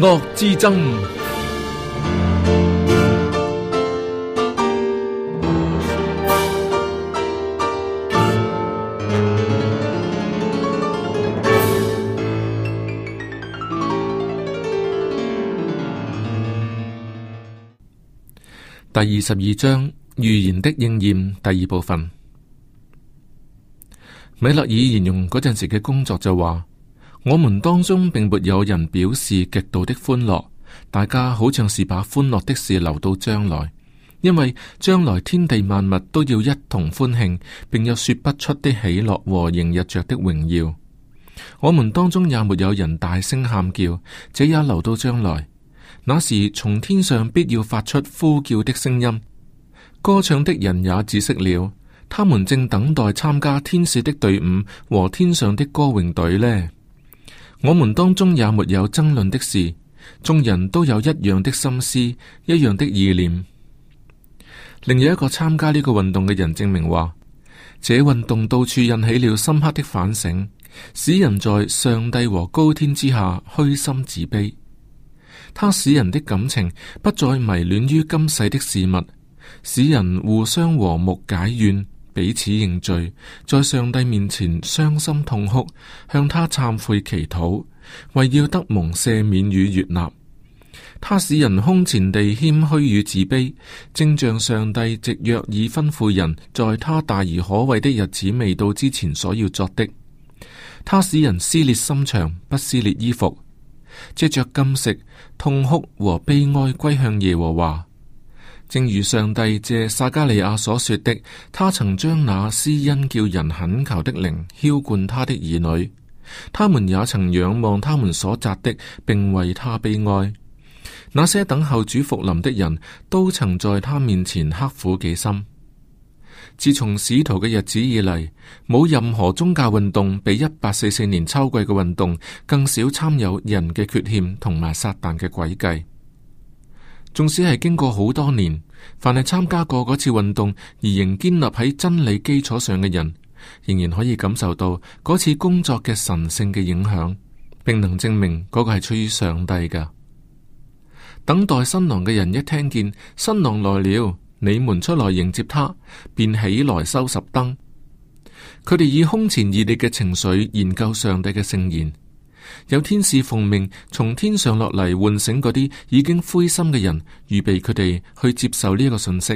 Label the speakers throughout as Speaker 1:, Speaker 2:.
Speaker 1: 惡之爭，第二十二章預言的應驗第二部分。米勒爾形容嗰陣時嘅工作就話。我們當中並沒有人表示極度的歡樂，大家好像是把歡樂的事留到將來，因為將來天地萬物都要一同歡慶，並有說不出的喜樂和迎日着的榮耀。我們當中也沒有人大聲喊叫，這也留到將來。那時從天上必要發出呼叫的聲音，歌唱的人也止息了，他們正等待參加天使的隊伍和天上的歌詠隊呢。我們當中也沒有爭論的事，眾人都有一樣的心思，一樣的意念。另有一個參加呢個運動嘅人證明話，這運動到處引起了深刻的反省，使人在上帝和高天之下虛心自卑。它使人的感情不再迷戀於今世的事物，使人互相和睦解怨。彼此認罪，在上帝面前傷心痛哭，向他懺悔祈禱，為要得蒙赦免與悅納。他使人空前地謙虛與自卑，正像上帝藉約珥吩咐人，在他大而可畏的日子未到之前所要作的。他使人撕裂心腸，不撕裂衣服，藉着禁食痛哭和悲哀歸向耶和華。正如上帝借撒加利亞所說的，他曾將那施恩叫人懇求的靈澆灌他的兒女，他們也曾仰望他們所扎的，並為他悲哀。那些等候主復臨的人都曾在他面前刻苦己心。自從使徒嘅日子以嚟，冇任何宗教運動比一八四四年秋季嘅運動更少參有人嘅缺陷同埋撒旦嘅詭計。縱使係經過好多年，凡係參加過嗰次運動而仍堅立喺真理基礎上嘅人，仍然可以感受到嗰次工作嘅神聖嘅影響，並能證明嗰個係出於上帝嘅。等待新郎嘅人一聽見新郎來了，你們出來迎接他，便起來收拾燈。佢哋以空前熱烈嘅情緒研究上帝嘅聖言。有天使奉命從天上落嚟喚醒嗰啲已經灰心嘅人，預備佢哋去接受呢一個信息。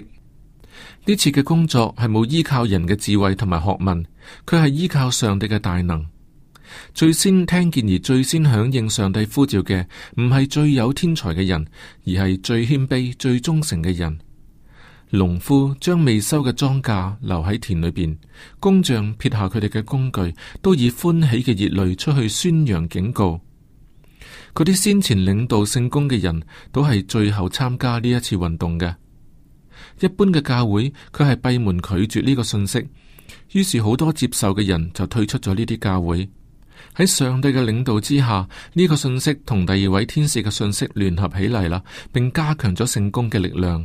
Speaker 1: 呢次嘅工作係冇依靠人嘅智慧同埋學問，佢係依靠上帝嘅大能。最先聽見而最先響應上帝呼召嘅，唔係最有天才嘅人，而係最謙卑、最忠誠嘅人。農夫將未收嘅莊稼留喺田裏邊，工匠撇下佢哋嘅工具，都以歡喜嘅熱淚出去宣揚警告。嗰啲先前領導聖工嘅人都係最後參加呢一次運動嘅。一般嘅教會，佢係閉門拒絕呢個信息，於是好多接受嘅人就退出咗呢啲教會。喺上帝嘅領導之下，呢個信息同第二位天使嘅信息聯合起嚟啦，並加強咗聖工嘅力量。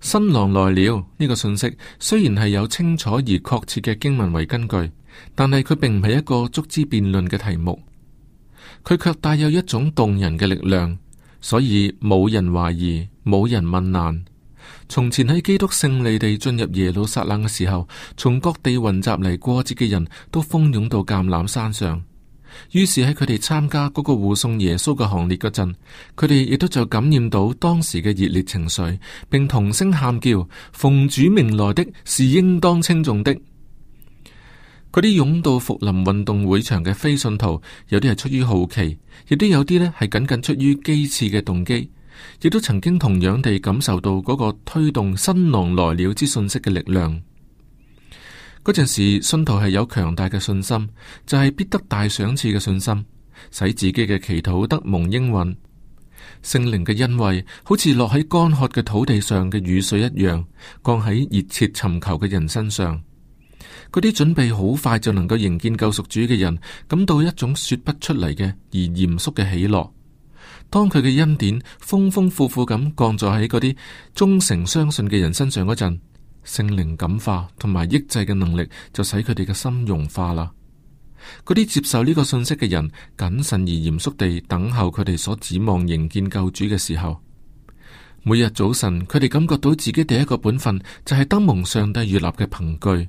Speaker 1: 新郎來了，呢個信息雖然係有清楚而確切嘅經文為根據，但係佢並唔係一個足之辯論嘅題目，佢卻帶有一種動人嘅力量，所以冇人懷疑，冇人問難。從前喺基督勝利地進入耶路撒冷嘅時候，從各地雲集嚟過節嘅人都蜂擁到橄欖山上。於是喺佢哋參加嗰個護送耶穌嘅行列嗰陣，佢哋亦都就感染到當時嘅熱烈情緒，並同聲喊叫：奉主名來的是應當稱頌的。嗰啲湧到福林運動會場嘅非信徒，有啲係出於好奇，亦都有啲呢係僅僅出於譏刺嘅動機，亦都曾經同樣地感受到嗰個推動新郎來了之訊息嘅力量。嗰陣時，信徒係有強大嘅信心，就係、是、必得大賞賜嘅信心，使自己嘅祈禱得蒙應允。聖靈嘅恩惠好似落喺乾涸嘅土地上嘅雨水一樣，降喺熱切尋求嘅人身上。嗰啲準備好快就能夠迎見救贖主嘅人，感到一種說不出嚟嘅而嚴肅嘅喜樂。當佢嘅恩典豐豐富富咁降咗喺嗰啲忠誠相信嘅人身上嗰陣。聖靈感化同埋抑制嘅能力，就使佢哋嘅心融化啦。嗰啲接受呢個信息嘅人，謹慎而嚴肅地等候佢哋所指望、迎見救主嘅時候，每日早晨，佢哋感覺到自己第一個本分就係登蒙上帝悅納嘅憑據。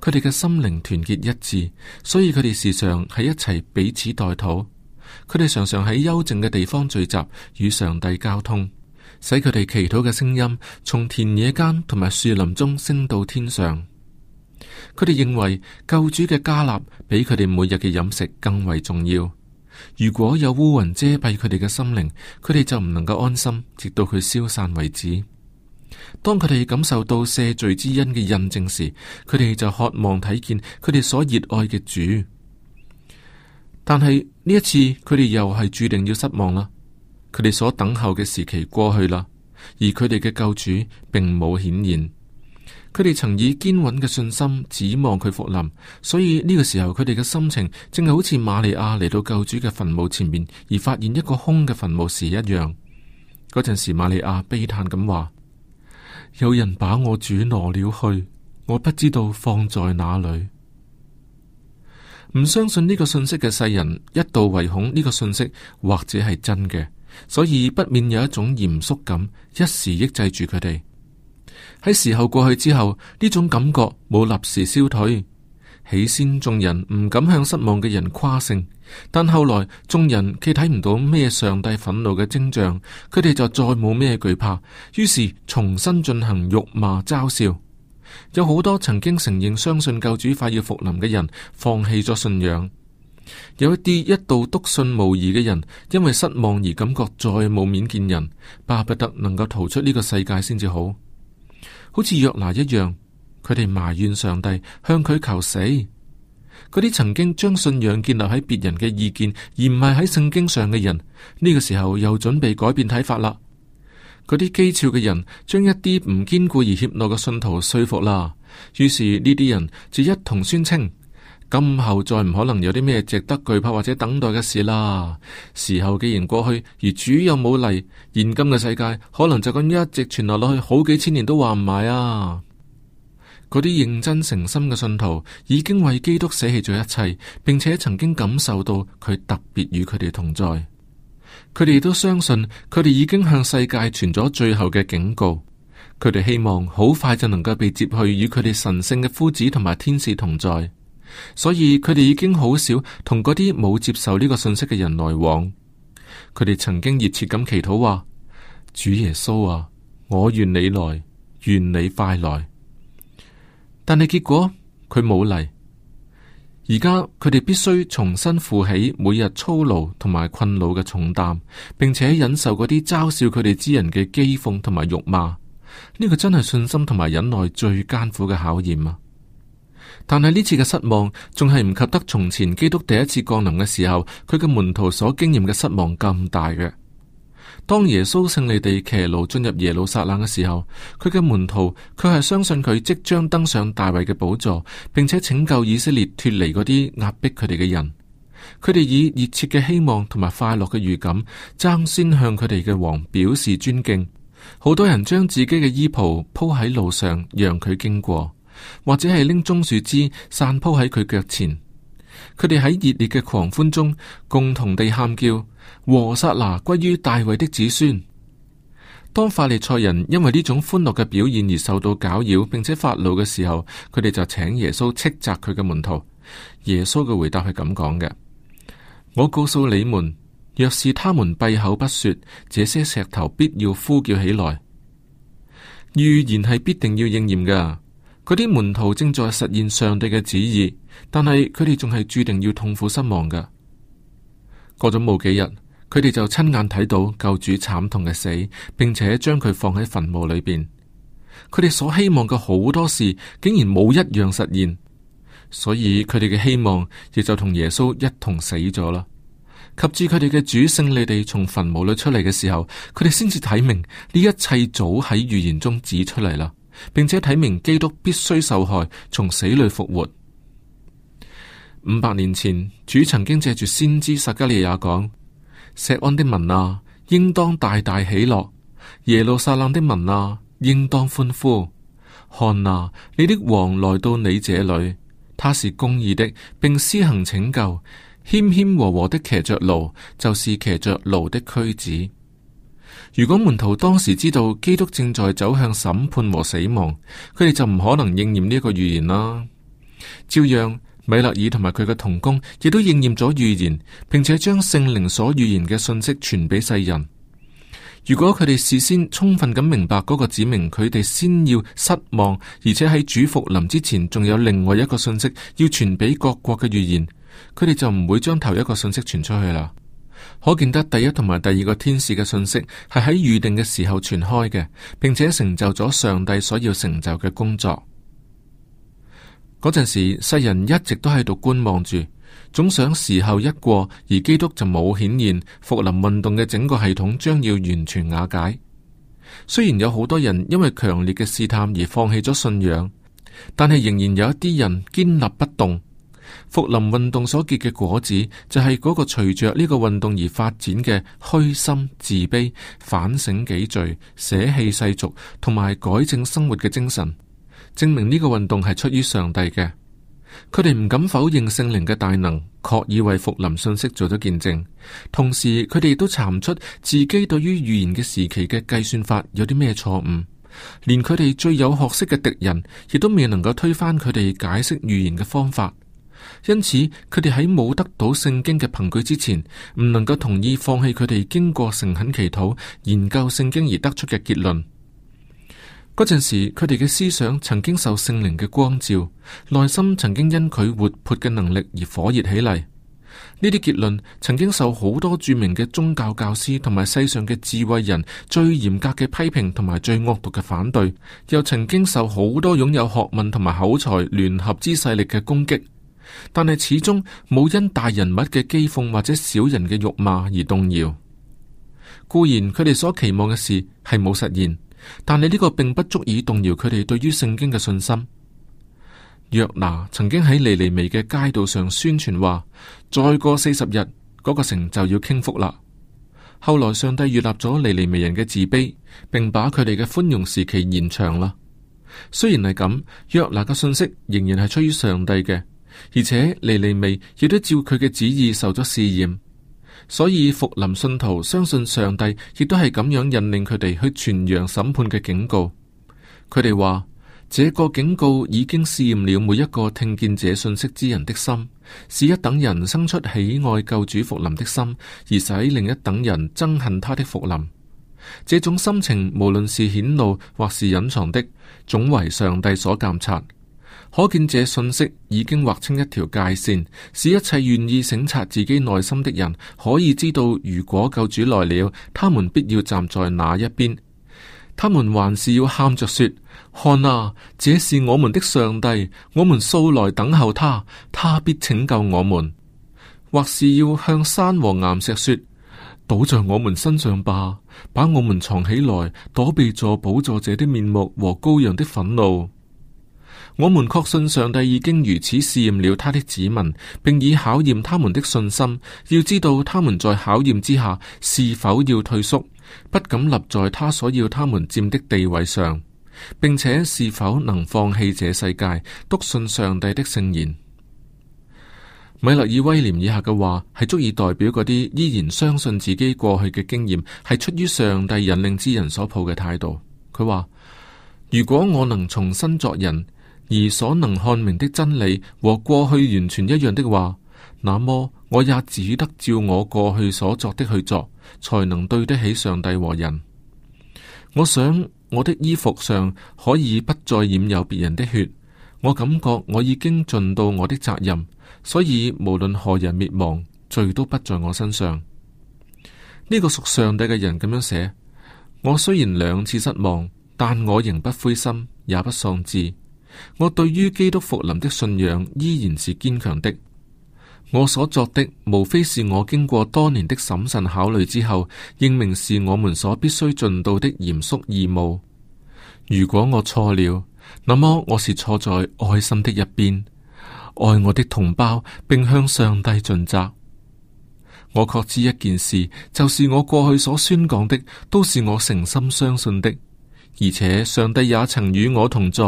Speaker 1: 佢哋嘅心靈團結一致，所以佢哋時常喺一齊彼此代禱。佢哋常常喺幽靜嘅地方聚集，與上帝交通。使佢哋祈禱嘅聲音從田野間同埋樹林中升到天上。佢哋認為救主嘅加納比佢哋每日嘅飲食更為重要。如果有烏雲遮蔽佢哋嘅心靈，佢哋就唔能夠安心，直到佢消散為止。當佢哋感受到赦罪之恩嘅印證時，佢哋就渴望睇見佢哋所熱愛嘅主。但係呢一次，佢哋又係注定要失望啦。佢哋所等候嘅時期過去啦，而佢哋嘅救主並冇顯現。佢哋曾以堅穩嘅信心指望佢復臨，所以呢個時候佢哋嘅心情正係好似瑪利亞嚟到救主嘅墳墓前面而發現一個空嘅墳墓時一樣。嗰陣時利亞悲嘆，瑪利亞悲嘆咁話：「有人把我主挪了去，我不知道放在哪裏。」唔相信呢個信息嘅世人一度唯恐呢個信息或者係真嘅。所以不免有一種嚴肅感，一時抑制住佢哋。喺時候過去之後，呢種感覺冇立時消退。起先眾人唔敢向失望嘅人誇勝，但後來眾人卻睇唔到咩上帝憤怒嘅徵象，佢哋就再冇咩懼怕，於是重新進行辱罵、嘲笑。有好多曾經承認相信救主快要復臨嘅人，放棄咗信仰。有一啲一度篤信無疑嘅人，因為失望而感覺再冇面見人，巴不得能夠逃出呢個世界先至好。好似約拿一樣，佢哋埋怨上帝，向佢求死。嗰啲曾經將信仰建立喺別人嘅意見，而唔係喺聖經上嘅人，呢個時候又準備改變睇法啦。嗰啲譏誚嘅人，將一啲唔堅固而怯懦嘅信徒說服啦，於是呢啲人就一同宣稱。今後再唔可能有啲咩值得懼怕或者等待嘅事啦。時候既然過去，而主又冇嚟，現今嘅世界可能就咁一直傳落落去，好幾千年都話唔埋啊！嗰啲認真誠心嘅信徒已經為基督捨棄咗一切，並且曾經感受到佢特別與佢哋同在。佢哋亦都相信佢哋已經向世界傳咗最後嘅警告。佢哋希望好快就能夠被接去與佢哋神聖嘅夫子同埋天使同在。所以佢哋已經好少同嗰啲冇接受呢個信息嘅人來往。佢哋曾經熱切咁祈禱話：主耶穌啊，我願你來，願你快來。但係結果佢冇嚟。而家佢哋必須重新負起每日操勞同埋困惱嘅重擔，並且忍受嗰啲嘲笑佢哋之人嘅譏諷同埋辱罵。呢個真係信心同埋忍耐最艱苦嘅考驗啊！但係呢次嘅失望，仲係唔及得從前基督第一次降臨嘅時候，佢嘅門徒所經驗嘅失望咁大嘅。當耶穌勝利地騎驢進入耶路撒冷嘅時候，佢嘅門徒佢係相信佢即將登上大衛嘅寶座，並且拯救以色列脫離嗰啲壓迫佢哋嘅人。佢哋以熱切嘅希望同埋快樂嘅預感，爭先向佢哋嘅王表示尊敬。好多人將自己嘅衣袍鋪喺路上，讓佢經過。或者係拎棕樹枝散鋪喺佢腳前，佢哋喺熱烈嘅狂歡中共同地喊叫：和散那歸於大衛的子孫。當法利賽人因為呢種歡樂嘅表現而受到攪擾，並且發怒嘅時候，佢哋就請耶穌斥責佢嘅門徒。耶穌嘅回答係咁講嘅：我告訴你們，若是他們閉口不說，這些石頭必要呼叫起來。預言係必定要應驗嘅。佢啲門徒正在實現上帝嘅旨意，但係佢哋仲係注定要痛苦失望嘅。過咗冇幾日，佢哋就親眼睇到救主慘痛嘅死，並且將佢放喺墳墓裏邊。佢哋所希望嘅好多事，竟然冇一樣實現，所以佢哋嘅希望亦就同耶穌一同死咗啦。及至佢哋嘅主勝利地從墳墓裏出嚟嘅時候，佢哋先至睇明呢一切早喺預言中指出嚟啦。並且睇明基督必須受害，從死裏復活。五百年前，主曾經借着先知撒迦利亞講：錫安的民啊，應當大大喜樂；耶路撒冷的民啊，應當歡呼。看啊，你的王來到你這裏，他是公義的，並施行拯救。謙謙和和的騎着驢，就是騎着驢的駒子。如果門徒當時知道基督正在走向審判和死亡，佢哋就唔可能應驗呢一個預言啦。照樣，米勒爾同埋佢嘅同工亦都應驗咗預言，並且將聖靈所預言嘅信息傳俾世人。如果佢哋事先充分咁明白嗰個指明，佢哋先要失望，而且喺主復臨之前，仲有另外一個信息要傳俾各國嘅預言，佢哋就唔會將頭一個信息傳出去啦。可見得第一同埋第二個天使嘅信息係喺預定嘅時候傳開嘅，並且成就咗上帝所要成就嘅工作。嗰陣時，世人一直都喺度觀望住，總想時候一過而基督就冇顯現，復臨運動嘅整個系統將要完全瓦解。雖然有好多人因為強烈嘅試探而放棄咗信仰，但係仍然有一啲人堅立不動。福林運動所結嘅果子就係嗰個，隨着呢個運動而發展嘅虛心、自卑、反省己罪、捨棄世俗同埋改正生活嘅精神，證明呢個運動係出於上帝嘅。佢哋唔敢否認聖靈嘅大能，確以為福林信息做咗見證。同時，佢哋亦都查唔出自己對於預言嘅時期嘅計算法有啲咩錯誤。連佢哋最有學識嘅敵人亦都未能夠推翻佢哋解釋預言嘅方法。因此，佢哋喺冇得到聖經嘅憑據之前，唔能夠同意放棄佢哋經過誠懇祈禱、研究聖經而得出嘅結論。嗰陣時，佢哋嘅思想曾經受聖靈嘅光照，內心曾經因佢活潑嘅能力而火熱起嚟。呢啲結論曾經受好多著名嘅宗教教師同埋世上嘅智慧人最嚴格嘅批評，同埋最惡毒嘅反對，又曾經受好多擁有學問同埋口才聯合之勢力嘅攻擊。但係始終冇因大人物嘅譏諷或者小人嘅辱罵而動搖。固然佢哋所期望嘅事係冇實現，但係呢個並不足以動搖佢哋對於聖經嘅信心。約拿曾經喺尼尼微嘅街道上宣傳話，再過四十日嗰、那個城就要傾覆啦。後來上帝悅納咗尼尼微人嘅自卑，並把佢哋嘅寬容時期延長啦。雖然係咁，約拿嘅信息仍然係出於上帝嘅。而且尼尼微亦都照佢嘅旨意受咗試驗，所以復臨信徒相信上帝亦都係咁樣引領佢哋去傳揚審判嘅警告。佢哋話：這個警告已經試驗了每一個聽見這信息之人的心，使一等人生出喜愛救主復臨的心，而使另一等人憎恨他的復臨。這種心情，無論是顯露或是隱藏的，總為上帝所鑒察。可見這信息已經劃清一條界線，使一切願意省察自己內心的人，可以知道如果救主來了，他們必要站在哪一邊。他們還是要喊着說：看啊，這是我們的上帝，我們素來等候他，他必拯救我們。或是要向山和岩石說：倒在我們身上吧，把我們藏起來，躲避坐寶座者的面目和羔羊的憤怒。我們確信上帝已經如此試驗了他的子民，並以考驗他們的信心，要知道他們在考驗之下是否要退縮，不敢立在他所要他們佔的地位上，並且是否能放棄這世界，篤信上帝的聖言。米勒爾威廉以下嘅話係足以代表嗰啲依然相信自己過去嘅經驗係出於上帝引領之人所抱嘅態度。佢話：如果我能重新作人。而所能看明的真理和過去完全一樣的話，那麼我也只得照我過去所作的去做，才能對得起上帝和人。我想我的衣服上可以不再染有別人的血。我感覺我已經盡到我的責任，所以無論何人滅亡，罪都不在我身上。呢個屬上帝嘅人咁樣寫：我雖然兩次失望，但我仍不灰心，也不喪志。我對於基督復臨的信仰依然是堅強的。我所作的，無非是我經過多年的審慎考慮之後，認明是我們所必須盡到的嚴肅義務。如果我錯了，那麼我是錯在愛心的一邊，愛我的同胞，並向上帝盡責。我確知一件事，就是我過去所宣講的，都是我誠心相信的。而且上帝也曾與我同在，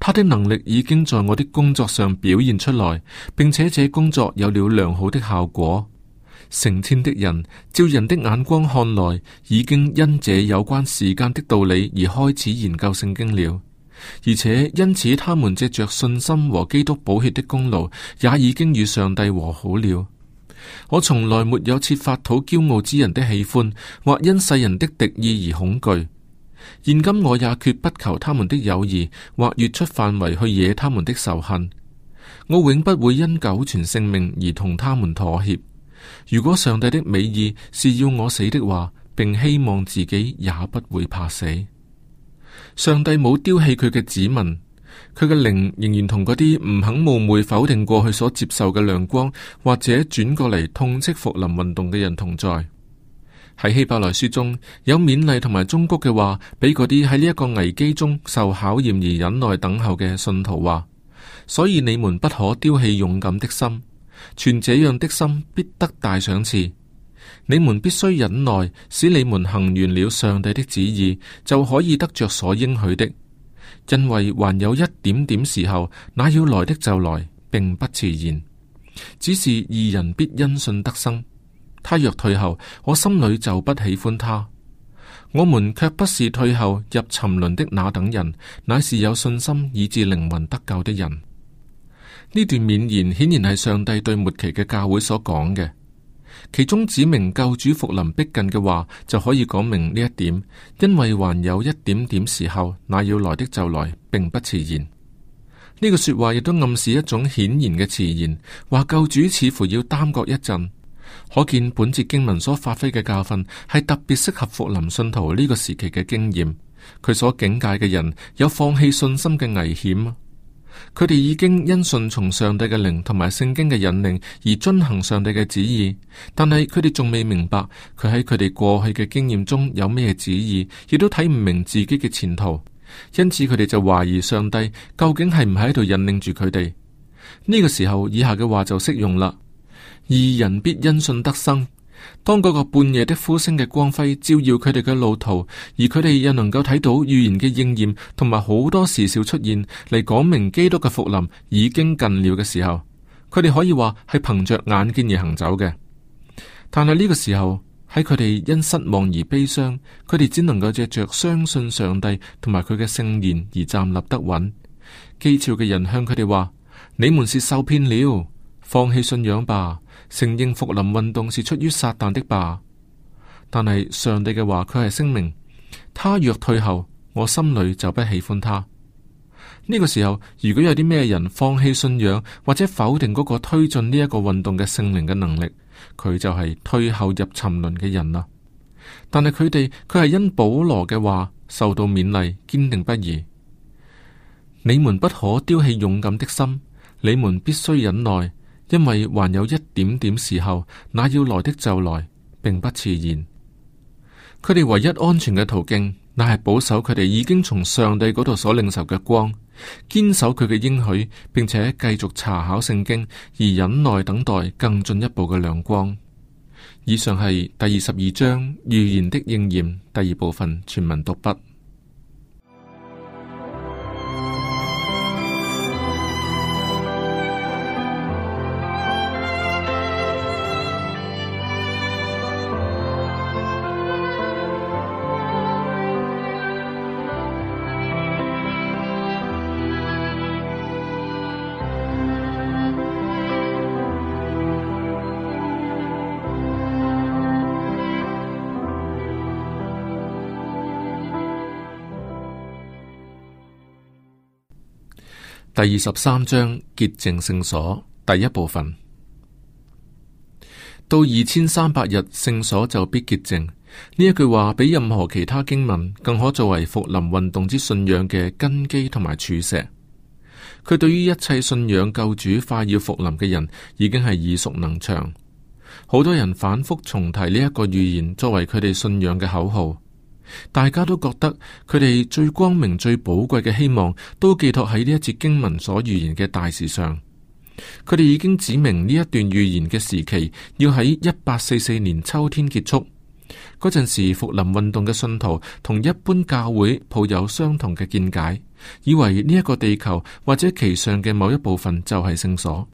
Speaker 1: 他的能力已經在我的工作上表現出來，並且這工作有了良好的效果。成千的人，照人的眼光看來，已經因這有關時間的道理而開始研究聖經了，而且因此他們借着信心和基督寶血的功勞，也已經與上帝和好了。我從來沒有設法討驕傲之人的喜歡，或因世人的敵意而恐懼。現今我也決不求他們的友誼，或越出範圍去惹他們的仇恨。我永不會因苟全性命而同他們妥協。如果上帝的美意是要我死的話，並希望自己也不會怕死。上帝冇丟棄佢嘅子民，佢嘅靈仍然同嗰啲唔肯冒昧否定過去所接受嘅亮光，或者轉過嚟痛斥復臨運動嘅人同在。.喺希伯來書中，有勉勵同埋忠告嘅話，俾嗰啲喺呢一個危機中受考驗而忍耐等候嘅信徒話。所以你們不可丟棄勇敢的心，存這樣的心必得大賞賜。你們必須忍耐，使你們行完了上帝的旨意，就可以得着所應許的。因為還有一點點時候，那要來的就來，並不遲延，只是義人必因信得生。他若退後，我心裏就不喜歡他。我們卻不是退後入沉淪的那等人，乃是有信心以致靈魂得救的人。呢段勉言顯然係上帝對末期嘅教會所講嘅，其中指明救主復臨逼近嘅話，就可以講明呢一點。因為還有一點點時候，那要來的就來，並不遲延。呢、這個說話亦都暗示一種顯然嘅遲延，話救主似乎要耽擱一陣。可見本節經文所發揮嘅教訓係特別適合復臨信徒呢個時期嘅經驗。佢所警戒嘅人有放棄信心嘅危險。佢哋已經因信從上帝嘅靈同埋聖經嘅引領而遵行上帝嘅旨意，但係佢哋仲未明白佢喺佢哋過去嘅經驗中有咩旨意，亦都睇唔明自己嘅前途。因此佢哋就懷疑上帝究竟係唔係喺度引領住佢哋。呢、這個時候，以下嘅話就適用啦。二人必因信得生。當嗰個半夜的呼聲嘅光輝照耀佢哋嘅路途，而佢哋又能夠睇到預言嘅應驗，同埋好多時兆出現嚟講明基督嘅復臨已經近了嘅時候，佢哋可以話係憑着眼見而行走嘅。但係呢個時候，喺佢哋因失望而悲傷，佢哋只能夠借着相信上帝同埋佢嘅聖言而站立得穩。譏誚嘅人向佢哋話：你們是受騙了，放棄信仰吧！承認復臨運動是出於撒旦的吧？但係上帝嘅話佢係聲明，他若退後，我心裏就不喜歡他。呢、這個時候，如果有啲咩人放棄信仰或者否定嗰個推進呢一個運動嘅聖靈嘅能力，佢就係退後入沉淪嘅人啦。但係佢哋佢係因保羅嘅話受到勉勵，堅定不移。你們不可丟棄勇敢的心，你們必須忍耐。因為還有一點點時候，那要來的就來，並不遲延。佢哋唯一安全嘅途徑，乃係保守佢哋已經從上帝嗰度所領受嘅光，堅守佢嘅應許，並且繼續查考聖經而忍耐等待更進一步嘅亮光。以上係第二十二章預言的應驗第二部分，全文讀畢。第二十三章，潔淨聖所，第一部分。到二千三百日，聖所就必潔淨，呢一句話比任何其他經文更可作為復臨運動之信仰嘅根基同埋柱石。佢對於一切信仰救主快要復臨嘅人已經係耳熟能詳，好多人反復重提呢一個預言作為佢哋信仰嘅口號。大家都覺得佢哋最光明、最寶貴嘅希望，都寄托喺呢一節經文所預言嘅大事上。佢哋已經指明呢一段預言嘅時期，要喺一八四四年秋天結束。嗰陣時，復臨運動嘅信徒同一般教會抱有相同嘅見解，以為呢一個地球或者其上嘅某一部分就係聖所。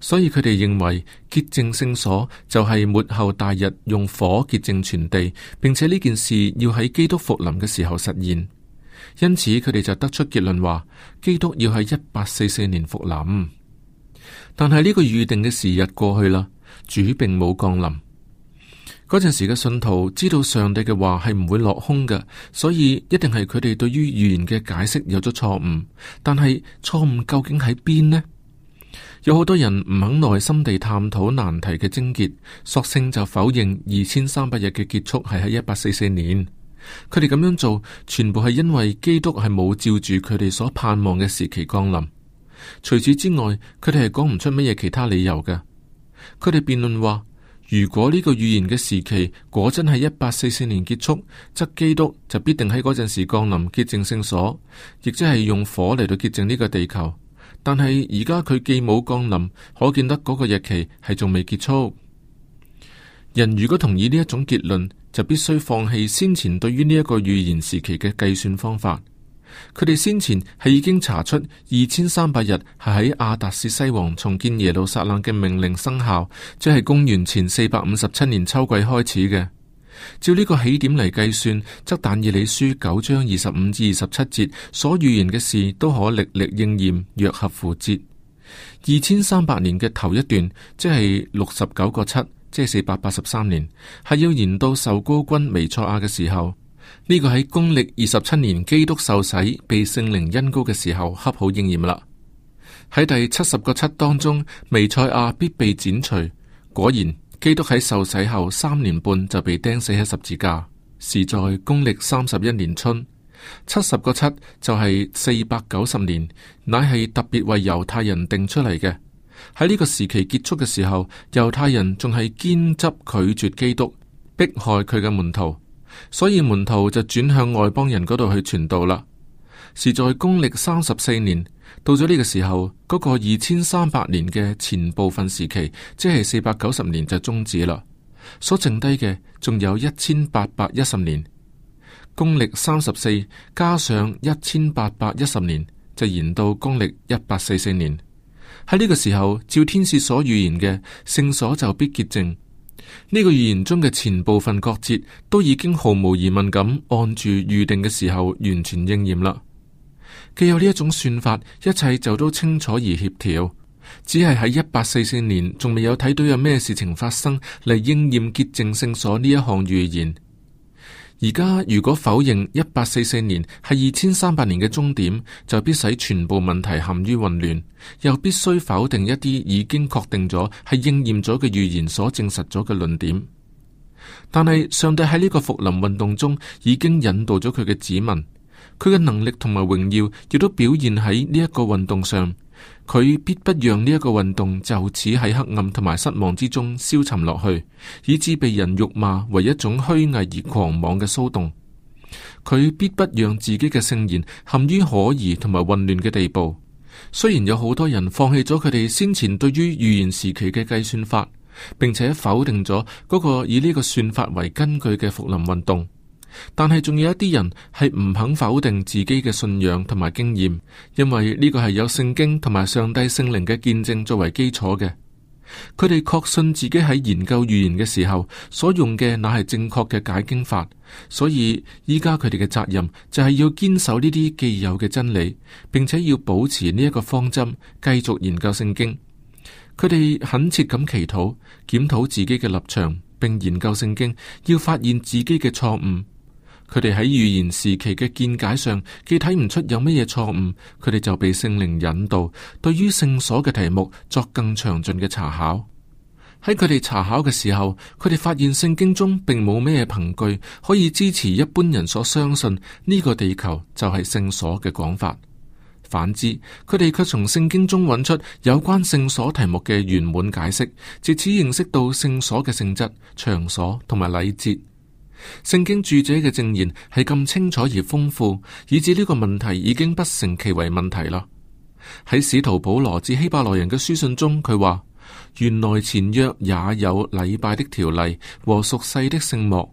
Speaker 1: 所以佢哋認為潔淨聖所就係末後大日用火潔淨全地，並且呢件事要喺基督復臨嘅時候實現。因此佢哋就得出結論話基督要喺一八四四年復臨。但係呢個預定嘅時日過去啦，主並冇降臨。嗰陣時嘅信徒知道上帝嘅話係唔會落空嘅，所以一定係佢哋對於預言嘅解釋有咗錯誤。但係錯誤究竟喺邊呢？有好多人唔肯耐心地探討難題嘅症結，索性就否認二千三百日嘅結束係喺一八四四年。佢哋咁樣做，全部係因為基督係冇照住佢哋所盼望嘅時期降臨。除此之外，佢哋係講唔出乜嘢其他理由嘅。佢哋辯論話，如果呢個預言嘅時期果真係一八四四年結束，則基督就必定喺嗰陣時降臨潔淨聖所，亦即係用火嚟到潔淨呢個地球。但係而家佢既冇降臨，可見得嗰個日期係仲未結束。人如果同意呢一種結論，就必須放棄先前對於呢一個預言時期嘅計算方法。佢哋先前係已經查出二千三百日係喺亞達士西王重建耶路撒冷嘅命令生效，即係公元前四百五十七年秋季開始嘅。照呢個起點嚟計算，則但以理書九章二十五至二十七節所預言嘅事，都可歷歷應驗，若合符節。二千三百年嘅頭一段，即係六十九個七，即係四百八十三年，係要延到受膏君彌賽亞嘅時候。呢、這個喺公歷二十七年基督受洗被聖靈恩膏嘅時候，恰好應驗啦。喺第七十個七當中，彌賽亞必被剪除，果然。基督喺受洗後三年半就被釘死喺十字架，是在公曆三十一年春。七十個七就係四百九十年，乃係特別為猶太人定出嚟嘅。喺呢個時期結束嘅時候，猶太人仲係堅執拒絕基督，迫害佢嘅門徒，所以門徒就轉向外邦人嗰度去傳道啦。是在公曆三十四年。到咗呢個時候，嗰、那個二千三百年嘅前部分時期，即係四百九十年就終止啦。所剩低嘅仲有一千八百一十年，公曆三十四加上一千八百一十年，就延到公曆一八四四年。喺呢個時候，照天使所預言嘅聖所就必潔淨。呢、這個預言中嘅前部分各節都已經毫無疑問咁按住預定嘅時候完全應驗啦。既有呢一種算法，一切就都清楚而協調。只係喺一八四四年，仲未有睇到有咩事情發生嚟應驗潔淨聖所呢一項預言。而家如果否認一八四四年係二千三百年嘅終點，就必使全部問題陷於混亂，又必須否定一啲已經確定咗係應驗咗嘅預言所證實咗嘅論點。但係上帝喺呢個復臨運動中已經引導咗佢嘅子民。佢嘅能力同埋榮耀亦都表現喺呢一個運動上，佢必不讓呢一個運動就此喺黑暗同埋失望之中消沉落去，以致被人辱罵為一種虛偽而狂妄嘅騷動。佢必不讓自己嘅聖言陷於可疑同埋混亂嘅地步。雖然有好多人放棄咗佢哋先前對於預言時期嘅計算法，並且否定咗嗰個以呢個算法為根據嘅復臨運動。但係，仲有一啲人係唔肯否定自己嘅信仰同埋經驗，因為呢個係有聖經同埋上帝聖靈嘅見證作為基礎嘅。佢哋確信自己喺研究預言嘅時候所用嘅，乃係正確嘅解經法。所以依家佢哋嘅責任就係要堅守呢啲既有嘅真理，並且要保持呢一個方針，繼續研究聖經。佢哋懇切咁祈禱，檢討自己嘅立場，並研究聖經，要發現自己嘅錯誤。佢哋喺預言時期嘅見解上，既睇唔出有乜嘢錯誤，佢哋就被聖靈引導，對於聖所嘅題目作更詳盡嘅查考。喺佢哋查考嘅時候，佢哋發現聖經中並冇咩憑據可以支持一般人所相信，呢個地球就係聖所嘅講法。反之，佢哋卻從聖經中揾出有關聖所題目嘅圓滿解釋，借此認識到聖所嘅性質、場所同埋禮節。聖經著者嘅證言係咁清楚而豐富，以致呢個問題已經不成其為問題啦。喺使徒保羅至希伯來人嘅書信中，佢話原來前約也有禮拜的條例和屬世的聖幕，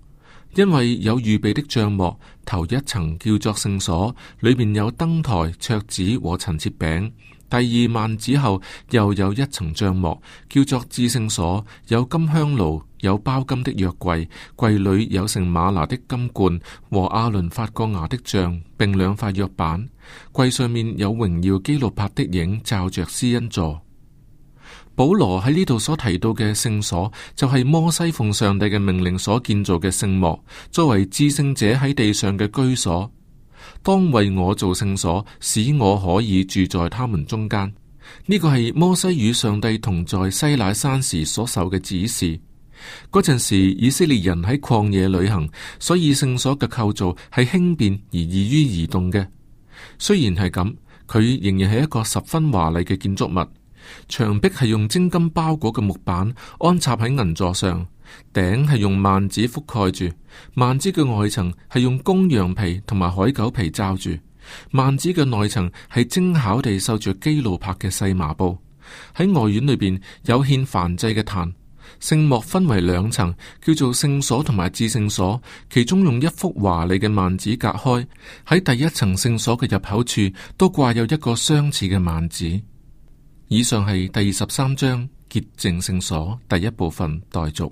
Speaker 1: 因為有預備的帳幕，頭一層叫作聖所，裏面有燈台、桌子和陳設餅。第二幔子後又有一層帳幕，叫做至聖所，有金香爐，有包金的約櫃，櫃裏有盛馬拿的金罐和阿倫發過芽的杖，並兩塊約板。櫃上面有榮耀基路伯的影，罩着施恩座。保羅喺呢度所提到嘅聖所，就係、是、摩西奉上帝嘅命令所建造嘅聖幕，作為至聖者喺地上嘅居所。當為我做聖所，使我可以住在他們中間。呢、這個係摩西與上帝同在西乃山時所受嘅指示。嗰陣時以色列人喺曠野旅行，所以聖所嘅構造係輕便而易於移動嘅。雖然係咁，佢仍然係一個十分華麗嘅建築物。牆壁係用精金，金包裹嘅木板安插喺銀座上。頂係用幔子覆蓋住，幔子嘅外層係用公羊皮同埋海狗皮罩住，幔子嘅內層係精巧地繡住基路柏嘅細麻布。喺外院裏邊有獻燔祭嘅壇，聖幕，分為兩層，叫做聖所同埋至聖所，其中用一幅華麗嘅幔子隔開。喺第一層聖所嘅入口處都掛有一個相似嘅幔子。以上係第二十三章潔淨聖所第一部分待續。